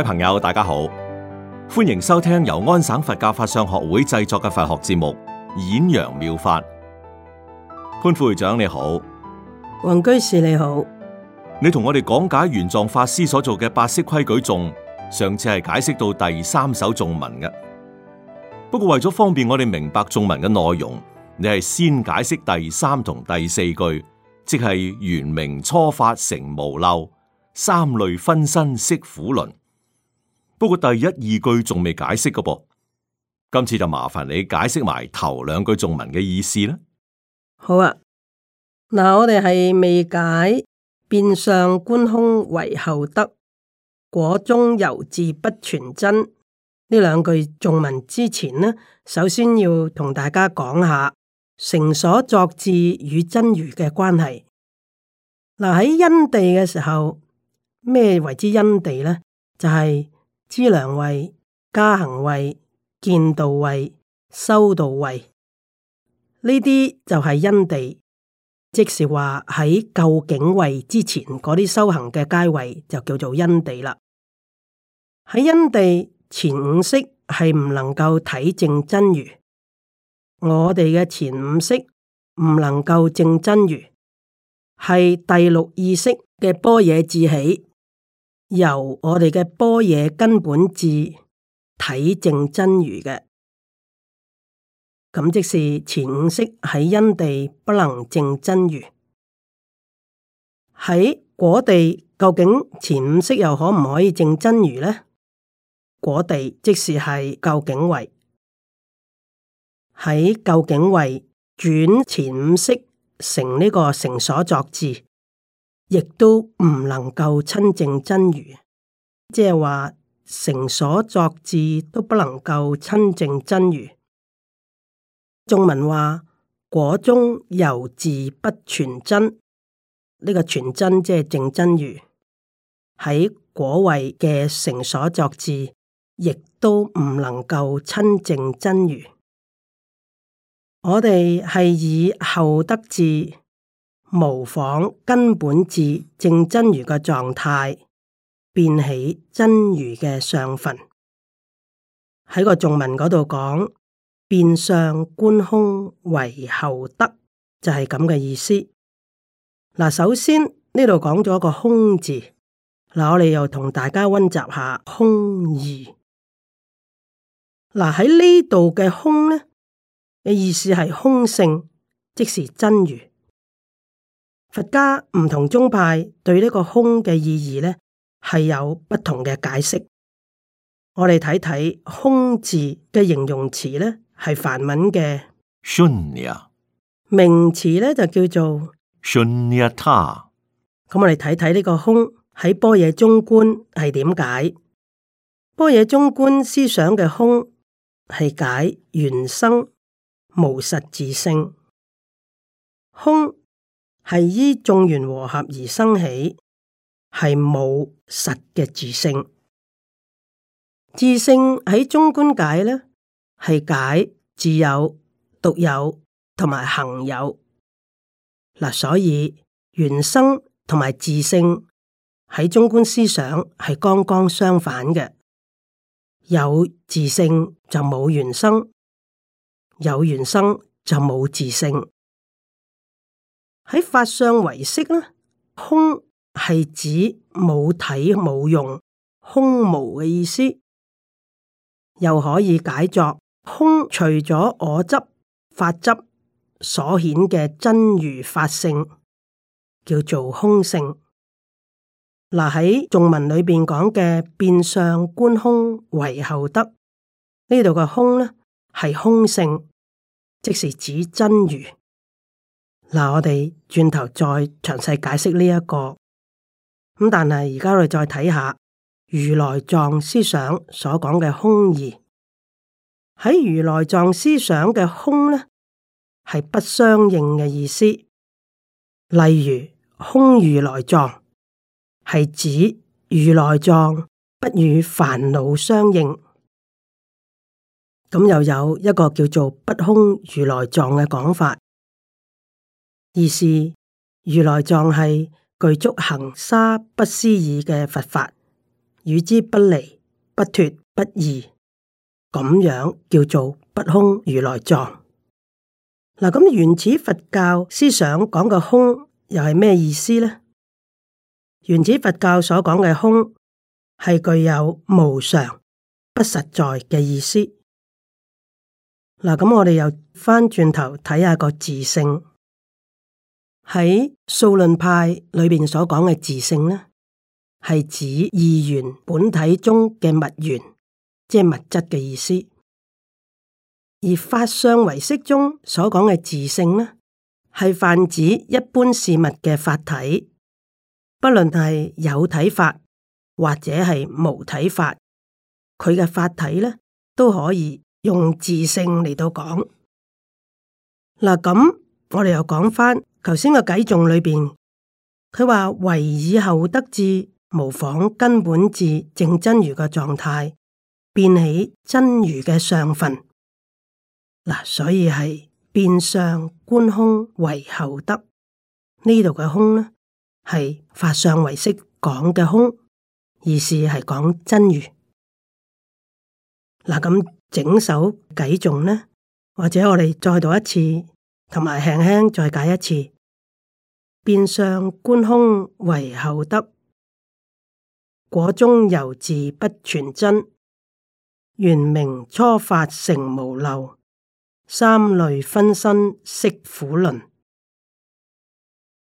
各位朋友，大家好，歡迎收聽由安省佛教法相學會製作嘅佛學節目《演揚妙法》。潘副會長你好，王居士你好。你同我哋講解玄奘法師所做嘅八識規矩頌，上次係解釋到第三首頌文嘅。不過為咗方便我哋明白頌文嘅內容，你係先解釋第三同第四句，即係圓明初發成無漏，三類分身息苦輪。不過第一二句仲未解釋噶噃，今次就麻煩你解釋埋頭兩句頌文嘅意思啦。好啊，嗱，我哋係未解，變相觀空為後得，果中猶自不全真。呢兩句頌文之前呢，首先要同大家講下成所作智與真如嘅關係。嗱，喺因地嘅時候，咩為之因地咧？就係、是。知良位、加行位、見道位、修道位，呢啲就係因地，即是話喺究竟位之前嗰啲修行嘅階位就叫做因地啦。喺因地前五識，係唔能夠睇證真如，我哋嘅前五識，唔能夠證真如，係第六意識嘅般若，智起。由我哋嘅般若根本智睇正真如嘅，咁即是前五識喺因地不能正真如，喺果地究竟前五識又可唔可以正真如呢？果地即是係究竟位，喺究竟位轉前五識成呢個成所作智。亦都唔能夠親證真如，即係話成所作智都不能夠親證真如。頌文話果中猶自不詮真，呢個詮真即係正真如喺果，這個果位嘅成所作智，亦都唔能夠親證真如。我哋係以後得智，模仿根本智正真如嘅狀態，變起真如嘅上分。喺個眾文嗰度講，變相觀空為後得，就係咁嘅意思。嗱，首先呢度講咗個空字，嗱，我哋又同大家溫習下空義。嗱，喺呢度嘅空咧，嘅意思係空性，即是真如。佛家唔同宗派對呢個空嘅意義咧，係有不同嘅解釋。我哋睇睇空字嘅形容詞咧，係梵文嘅 shunya，名詞咧就叫做 shunyata。咁我哋睇睇呢個空喺般若中觀係點解？般若中觀思想嘅空係解原生無實自性空。係依眾緣和合而生起，係冇實嘅自性。自性喺中觀解咧，係解自有、獨有同埋恒有。嗱，所以緣生同埋自性喺中觀思想係剛剛相反嘅。有自性就冇緣生，有緣生就冇自性。喺法相為色呢，空係指冇體冇用，空無嘅意思，又可以解作空。除咗我執、法執所顯嘅真如法性，叫做空性。嗱，喺眾文裏邊講嘅變相觀空為後得，呢度嘅空呢係空性，即是指真如。嗱，我哋轉頭再詳細解釋呢一個咁，但係而家我哋再睇下如來藏思想所講嘅空義，喺如來藏思想嘅空呢係不相應嘅意思。例如空如來藏，係指如來藏不與煩惱相應。咁又有一個叫做不空如來藏嘅講法。二是如來藏係具足行沙不思議嘅佛法，與之不離不脫不異，咁樣叫做不空如來藏。嗱，咁原始佛教思想講嘅空又係咩意思呢？原始佛教所講嘅空係具有無常、不實在嘅意思。嗱，咁我哋又返轉頭睇下個自性。喺數論派裏邊所講嘅自性呢，係指二元本體中嘅物元，即係物質嘅意思。而法相唯識中所講嘅自性呢，係泛指一般事物嘅法體，不論係有體法或者係無體法，佢嘅法體呢都可以用自性嚟到講。嗱，咁我哋又講翻。頭先個偈頌裏邊，佢話唯以後得智，模仿根本智正真如嘅狀態變起真如嘅相分。嗱、啊、所以係變相觀空唯後得呢度嘅空呢，係法相為識講嘅空，意思係講真如。嗱、啊、咁整首偈頌呢，或者我哋再讀一次。.同埋輕輕再解一次。變相觀空唯後得，果中猶自不詮真，圓明初發成無漏，三類分身息苦輪。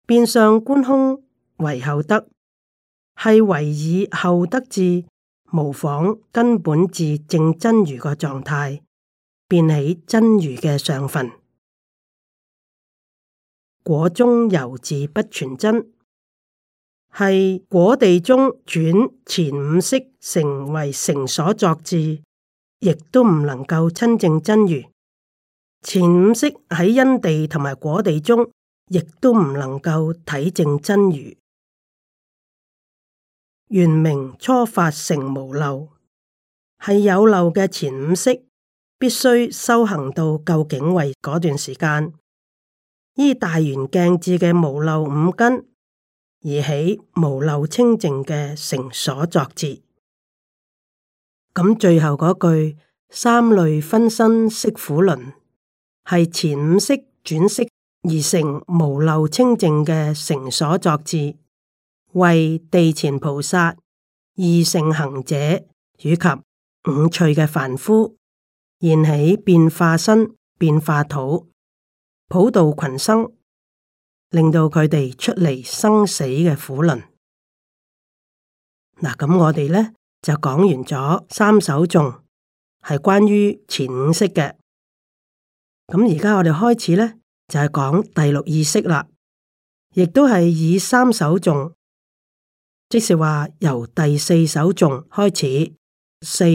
變相觀空唯後得，係唯以後得智模仿根本智正真如個狀態，變起真如嘅相分。果中猶自不詮真，係果地中轉前五識成為成所作智，亦都唔能夠親證真如。前五識喺因地同埋果地中，亦都唔能夠體證真如。圓明初發成無漏，係有漏嘅前五識，必須修行到究竟位嗰段時間。依大圓鏡智嘅無漏五根而起無漏清淨嘅成所作智，咁最後嗰句三類分身息苦輪，係前五識轉識而成無漏清淨嘅成所作智，為地前菩薩二乘行者以及五趣嘅凡夫現起變化身變化土。普度群生，令到佢哋出離生死嘅苦輪。嗱，咁我哋咧就講完咗三首頌，係關於前五識嘅。咁而家我哋開始咧就係、是、講第六意識啦，亦都係以三首頌，即是話由第四首頌開始，四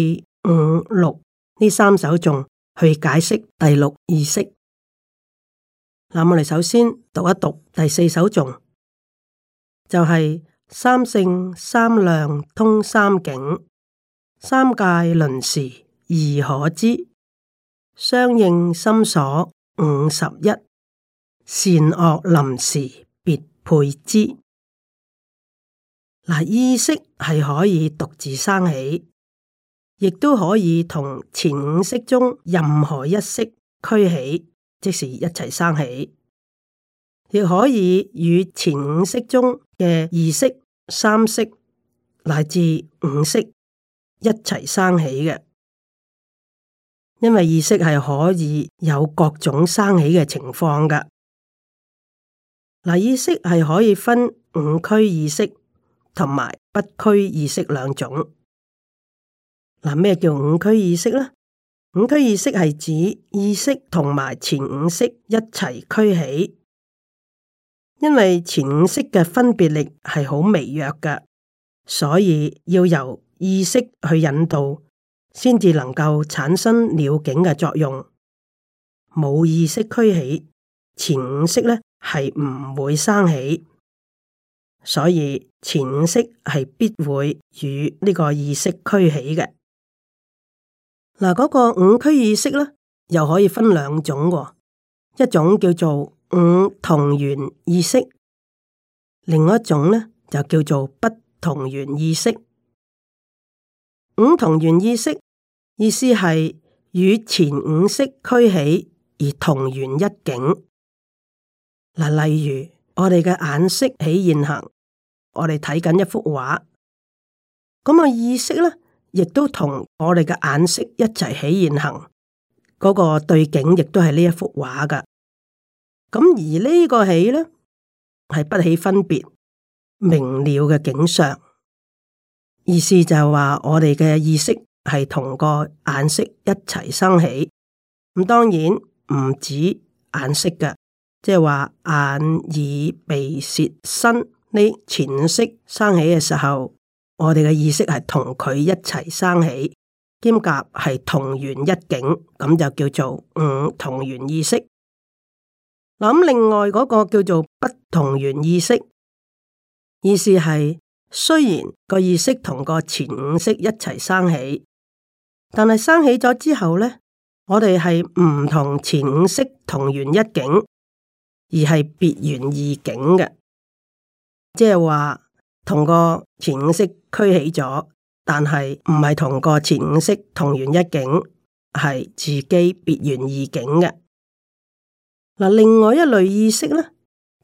五六呢三首頌去解釋第六意識。嗱，那我哋首先讀一讀第四首頌，就係、是、三性三量通三境，三界輪時易可知，相應心所五十一，善惡臨時別配之。嗱，意識係可以獨自生起，亦都可以同前五識中任何一識俱起。即是一齊生起，亦可以與前五識中嘅二識、三識乃至五識一齊生起嘅，因為意識係可以有各種生起嘅情況噶。嗱，意識係可以分五俱意識同埋不俱意識兩種。嗱，咩叫五俱意識呢？五俱意識係指意識同埋前五識一齊俱起，因為前五識嘅分別力係好微弱嘅，所以要由意識去引導，先至能夠產生了境嘅作用。冇意識俱起，前五識咧係唔會生起，所以前五識係必會與呢個意識俱起嘅。嗱，嗰個五俱意識咧，又可以分兩種，哦，一種叫做五同源意識，另一種咧就叫做不同源意識。五同源意識意思係與前五色俱起而同源一境。嗱，例如我哋嘅眼色起現行，我哋睇緊一幅畫，咁，個意識咧。亦都同我哋嘅眼識一齊起，起現行，嗰、那個對景亦都係呢一幅畫噶。咁而呢個起呢，係不起分別明了嘅景象，意思就係話我哋嘅意識係同個眼識一齊生起。咁當然唔止眼識嘅，即係話眼耳鼻舌身呢前五識生起嘅時候。我哋嘅意識係同佢一齊生起，兼夾係同源一境，咁就叫做五同源意識。嗱咁，另外嗰個叫做不同源意識，意思係雖然個意識同個前五識一齊生起，但係生起咗之後咧，我哋係唔同前五識同源一境，而係別源異境嘅，即係話。同個前五識俱起咗，但係唔係同個前五識同緣一境，係自己別緣二境嘅。嗱，另外一類意識咧，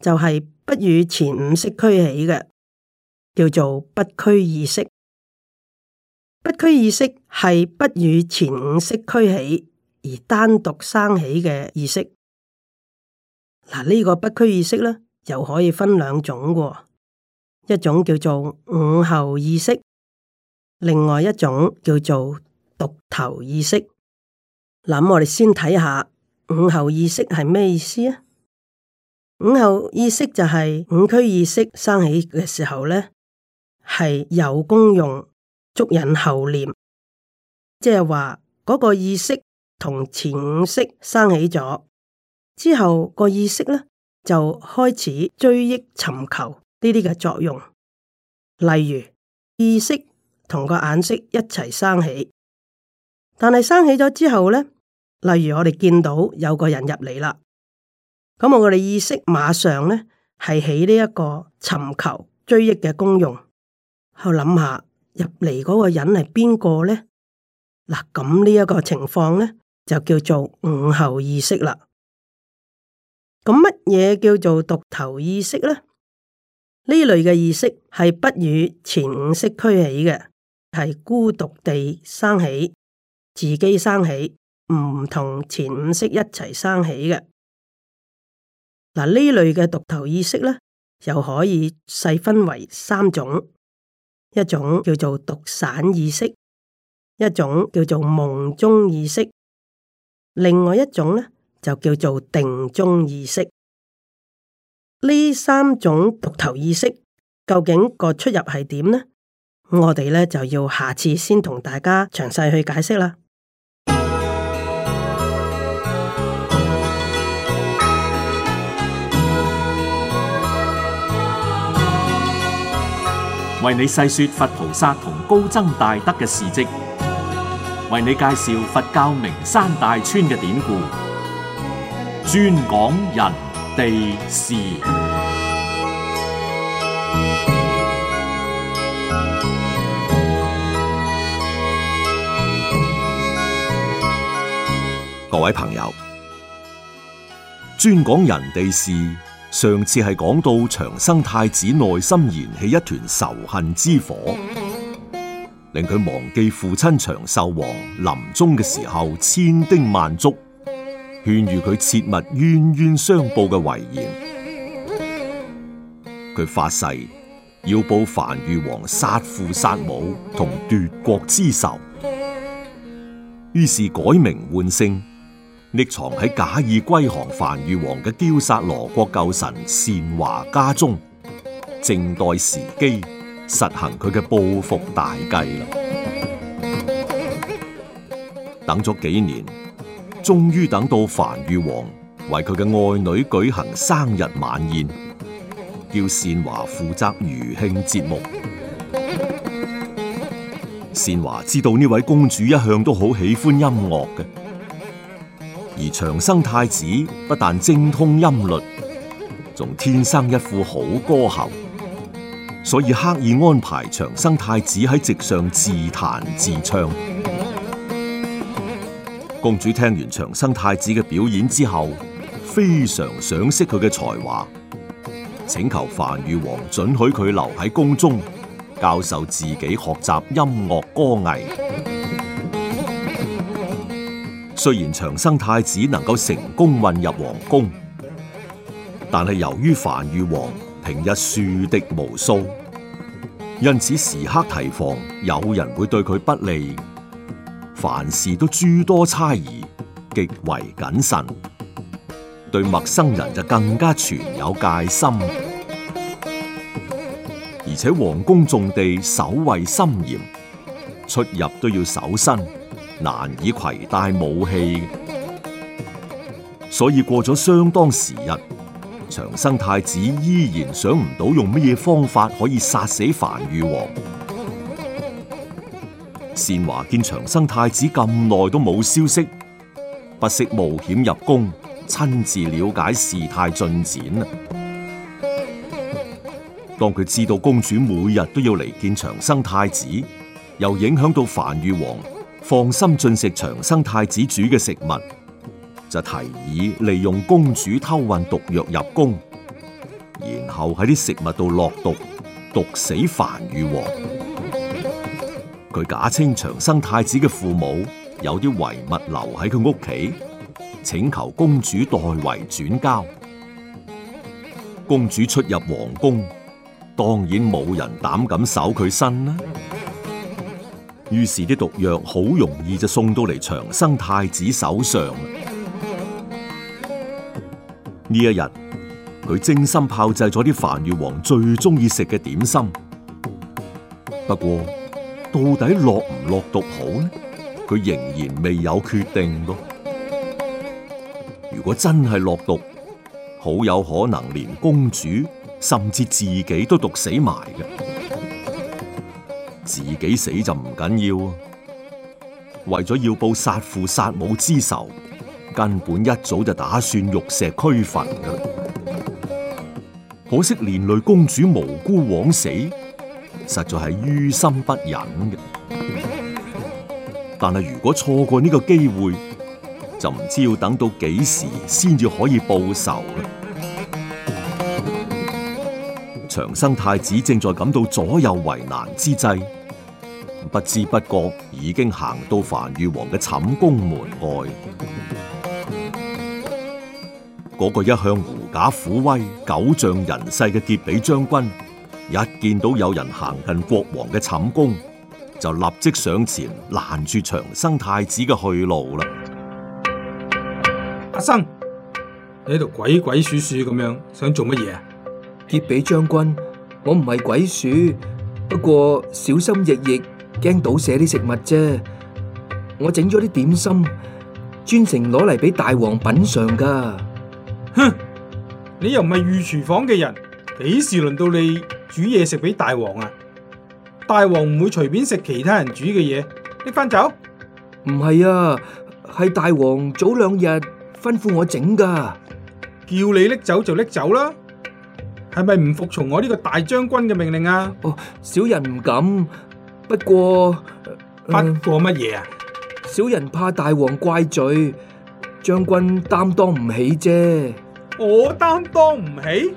就係、是、不與前五識俱起嘅，叫做不俱意識。不俱意識係不與前五識俱起而單獨生起嘅意識。嗱，呢個不俱意識咧，又可以分兩種㗎。一種叫做五後意識，另外一種叫做獨頭意識。咁我哋先睇下五後意識係咩意思啊？五後意識就係五俱意識生起嘅時候呢，係有功用捉引後念，即係話嗰個意識同前五識生起咗之後，個意識呢，就開始追憶尋求。呢啲嘅作用，例如意識同個眼識，一齊生起，但係生起咗之後咧，例如我哋見到有個人入嚟，啦，咁我哋意識馬上咧係起呢一個尋求追憶嘅功用，去諗下入嚟嗰個人係邊個咧？嗱，咁呢一個情況咧就叫做五後意識啦。咁乜嘢叫做獨頭意識咧？呢類嘅意識係不與前五識俱起嘅，係孤獨地生起，自己生起，唔同前五識一齊生起嘅。嗱，呢類嘅獨頭意識咧，又可以細分為三種：一種叫做獨散意識，一種叫做夢中意識，另外一種咧就叫做定中意識。呢三種獨頭意識究竟個出入係點呢？我哋咧就要下次先同大家詳細去解釋啦。為你細說佛菩薩同高僧大德嘅事跡，為你介紹佛教名山大川嘅典故，專講人。地事，各位朋友，專講人哋事。上次係講到長生太子內心燃起一團仇恨之火，令佢忘記父親長壽王臨終嘅時候千叮萬囑。勸喻佢切勿冤冤相報嘅遺言，佢發誓要報樊玉皇殺父殺母同奪國之仇，於是改名換姓，匿藏喺假意歸降樊玉皇嘅憍薩羅國舊臣善華家中，靜待時機，實行佢嘅報復大計啦。等咗幾年。終於等到梵豫王為佢嘅愛女舉行生日晚宴，叫善華負責餘興節目。善華知道呢位公主一向都好喜歡音樂嘅，而長生太子不但精通音律，仲天生一副好歌喉，所以刻意安排長生太子喺席上自彈自唱。公主聽完長生太子嘅表演之後，非常賞識佢嘅才華，請求樊御王准許佢留喺宮中教授自己學習音樂歌藝。雖然長生太子能夠成功混入皇宮，但係由於樊御王平日樹敵無數，因此時刻提防有人會對佢不利。凡事都諸多猜疑，極為謹慎，對陌生人就更加存有戒心。而且皇宮重地，守衛森嚴，出入都要守身，難以攜帶武器。所以過咗相當時日，長生太子依然想唔到用咩嘢方法可以殺死樊御王。善華見長生太子咁耐都冇消息，不惜冒險入宮，親自了解事態進展啊！當佢知道公主每日都要嚟見長生太子，又影響到梵豫王放心進食長生太子煮嘅食物，就提議利用公主偷運毒藥入宮，然後喺啲食物度落毒，毒死梵豫王。佢假稱長生太子嘅父母有啲遺物留喺佢屋企，請求公主代為轉交。公主出入皇宮，當然冇人膽敢搜佢身啦。於是啲毒藥好容易就送到嚟長生太子手上。呢一日，佢精心炮製咗啲梵豫王最中意食嘅點心，不過，到底落唔落毒好呢？佢仍然未有決定噃，如果真係落毒，好有可能連公主甚至自己都毒死埋嘅。自己死就唔緊要啊，為咗要報殺父殺母之仇，根本一早就打算玉石俱焚噶。可惜連累公主無辜枉死。實在係於心不忍嘅，但係如果錯過呢個機會，就唔知要等到幾時先至可以報仇啦。長生太子正在感到左右為難之際，不知不覺已經行到樊玉王嘅寢宮門外。嗰個一向狐假虎威、狗仗人勢嘅傑比將軍。一見到有人行近國王嘅寢宮，就立即上前攔住長生太子嘅去路啦。阿生，你喺度鬼鬼祟祟咁樣，想做乜嘢啊？劫比將軍，我唔係鬼鼠，不過小心翼翼，驚倒瀉啲食物啫。我整咗啲點心，專程攞嚟俾大王品嘗噶。哼，你又唔係御廚房嘅人。幾時輪到你煮嘢食俾大王啊？大王唔會隨便食其他人煮嘅嘢，拎翻走！唔係啊，係大王早兩日吩咐我整㗎，叫你拎走就拎走啦。係咪唔服從我呢個大將軍嘅命令啊？哦，小人唔敢。不過，呃、不過乜嘢啊？小人怕大王怪罪，將軍擔當唔起啫。我擔當唔起。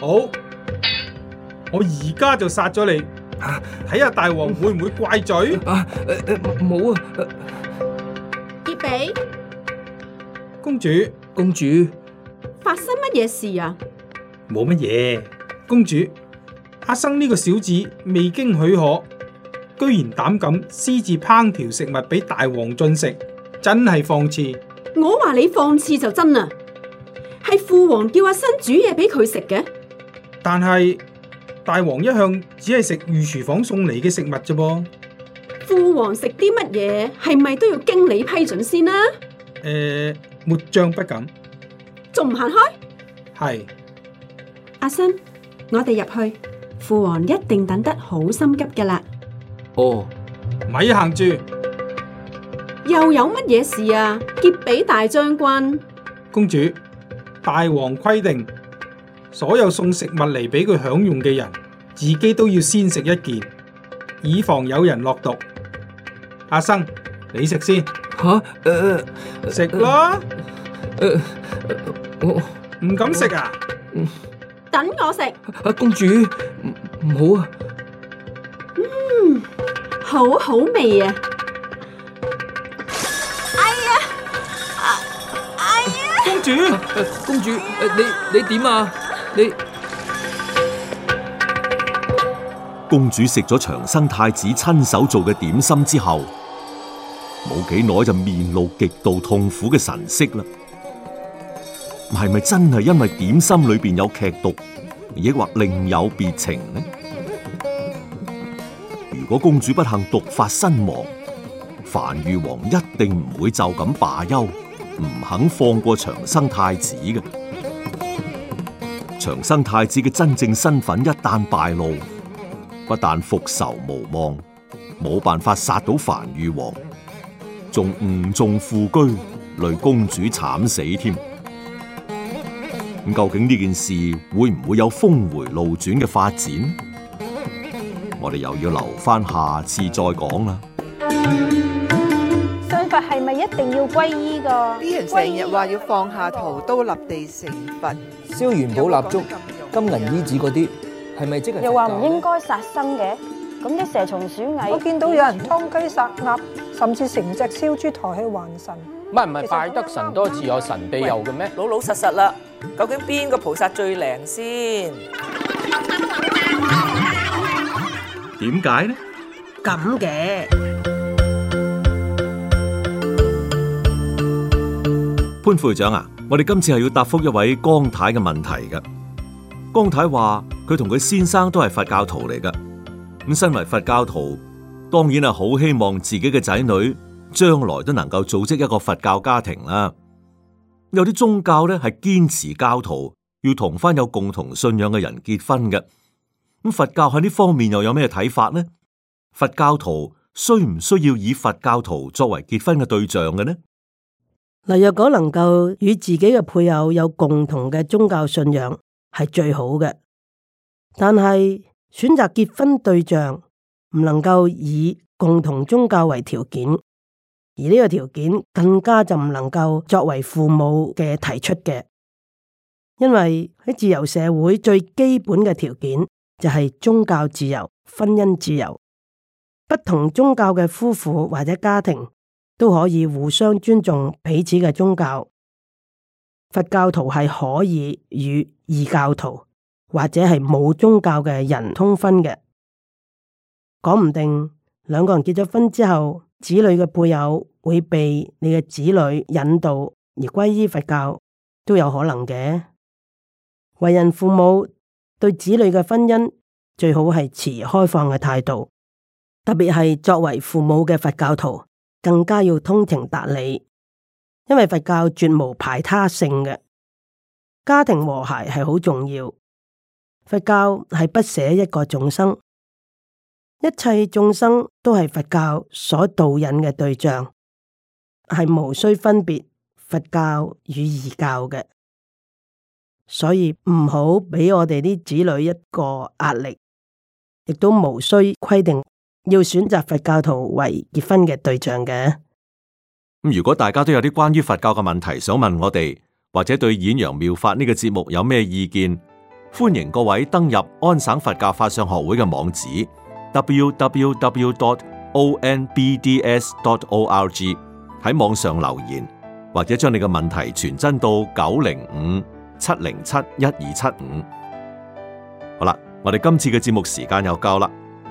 好，我而家就殺咗你，睇下大王會唔會怪罪啊？啊，冇啊，結比，公主，公主，發生乜嘢事啊？冇乜嘢，公主，阿生呢個小子未經許可，居然膽敢私自烹調食物俾大王進食，真係放肆！我話你放肆就真啊，係父王叫阿生煮嘢俾佢食嘅。但係大王一向只係食御廚房送嚟嘅食物啫噃。父王食啲乜嘢係咪都要經理批准先啊？誒，末將不敢。仲唔行開？係。阿新，我哋入去。父王一定等得好心急噶啦。哦，咪行住。又有乜嘢事啊？結俾大將軍。公主，大王規定。所有送食物嚟俾佢享用嘅人，自己都要先食一件，以防有人落毒。阿生，你食先吓？誒，食啦。誒，我唔敢食啊。等我食。啊，公主，唔好啊。嗯，好好味啊！哎呀，啊，哎呀！公主，誒，公主，誒，你你點啊？你公主食咗長生太子親手做嘅點心之後，冇幾耐就面露極度痛苦嘅神色啦。係咪真係因為點心裏邊有劇毒，抑或另有別情呢？如果公主不幸毒發身亡，梵豫王一定唔會就咁罷休，唔肯放過長生太子嘅。長生太子嘅真正身份一旦敗露，不但復仇無望，冇辦法殺到梵豫王，仲誤中副車，累公主慘死添。咁究竟呢件事會唔會有峰回路轉嘅發展？我哋又要留翻下，下次再講啦。佛係咪一定要皈依噶？啲人成日話要放下屠刀立地成佛，燒元寶蠟燭、金銀衣紙嗰啲，係咪即係？又話唔應該殺生嘅，咁啲蛇蟲鼠蟻，我見到有人劏雞殺鴨，甚至成隻燒豬抬去還神。唔係唔係，拜得神多自有神庇佑嘅咩？老老實實啦，究竟邊個菩薩最靈先？點解呢？咁嘅。潘會長啊，我哋今次係要答覆一位江太嘅問題嘅。江太話佢同佢先生都係佛教徒嚟嘅，咁身為佛教徒，當然係好希望自己嘅仔女將來都能夠組織一個佛教家庭啦。有啲宗教咧係堅持教徒要同翻有共同信仰嘅人結婚嘅，咁佛教喺呢方面又有咩睇法呢？佛教徒需唔需要以佛教徒作為結婚嘅對象嘅呢？如，若果能夠與自己嘅配偶有共同嘅宗教信仰，係最好嘅。但係選擇結婚對象唔能夠以共同宗教為條件，而呢個條件更加就唔能夠作為父母嘅提出嘅，因為喺自由社會最基本嘅條件就係宗教自由、婚姻自由。不同宗教嘅夫婦或者家庭。都可以互相尊重彼此嘅宗教，佛教徒係可以與異教徒或者係冇宗教嘅人通婚嘅。講唔定兩個人結咗婚之後，子女嘅配偶會被你嘅子女引導而歸依佛教，都有可能嘅。為人父母對子女嘅婚姻最好係持開放嘅態度，特別係作為父母嘅佛教徒。更加要通情達理，因為佛教絕無排他性嘅，家庭和諧係好重要。佛教係不捨一個眾生，一切眾生都係佛教所導引嘅對象，係無需分別佛教與異教嘅。所以唔好俾我哋啲子女一個壓力，亦都無需規定，要選擇佛教徒為結婚嘅對象嘅。咁，如果大家都有啲關於佛教嘅問題想問我哋，或者對《演羊妙法》呢、這個節目有咩意見，歡迎各位登入安省佛教法相學會嘅網址 www.dot.onbds.dot.org，喺網上留言或者將你嘅問題傳真到九零五七零七一二七五。好啦，我哋今次嘅節目時間又夠啦。